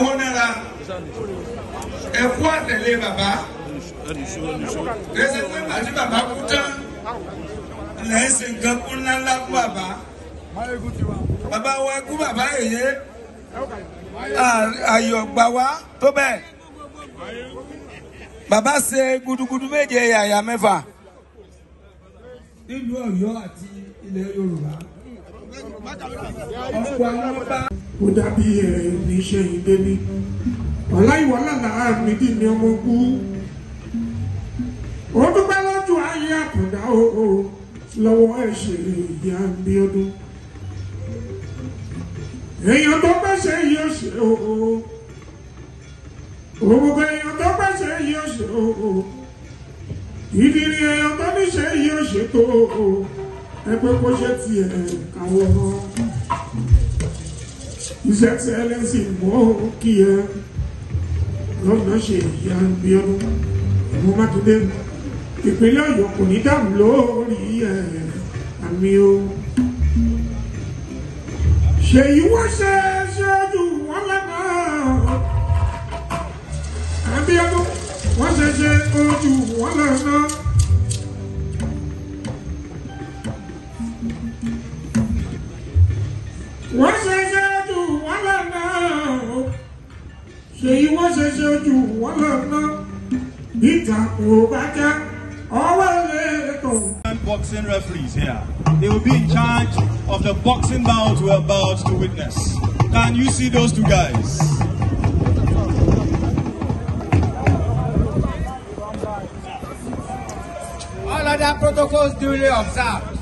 na nára ẹ kú àtẹ̀lé bàbá kẹsẹ̀ pé bàtí bàbá kú tán lẹ́sẹ̀ nǹkan kú ńláńlá fún bàbá bàbá wa kú bàbá yèyé ayọ̀ gbà wá tó bẹ́ẹ̀ bàbá ṣe gudugudu méje yàyà mẹ́fà nílùú Ọ̀yọ́ àti ilẹ̀ Yorùbá ọ̀pọ̀ àwọn bá ó dàbí rẹ̀ ní iṣẹ́ yìí débi ọ̀láìwọ̀ lànà àmìdí ni ọmọ kú ó dúpẹ́ lójú ayé àkùdá o lọ́wọ́ ẹ̀ṣẹ̀ ìyá bí ọdún èèyàn tó pèsè yìí ó ṣe o òwúgbọ èèyàn tó pèsè yìí ó ṣe o ìdírí èèyàn tó níṣe yìí ó ṣe tó ẹgbẹ́ kó ṣe tiẹ̀ káwọ́ náà. His Excellency Mwokiye, lọ́nà ṣe ìyá Bíọ́dún, ìlú Mákindé, ìpínlẹ̀ Ọ̀yọ́ kò ní dàmú lórí àmì o. Ṣèyí wọ́n ṣe ṣáájú wọn lánàá. Abíọ́dún wọ́n ṣe ṣe ojú wọn lánàá. ṣèyí wọ́n ṣe ṣe ojú one lọ ná ìjà kò bá Boxing referees here. They will be in charge of the boxing bouts we're about to witness. Can you see those two guys? All other protocols duly observed.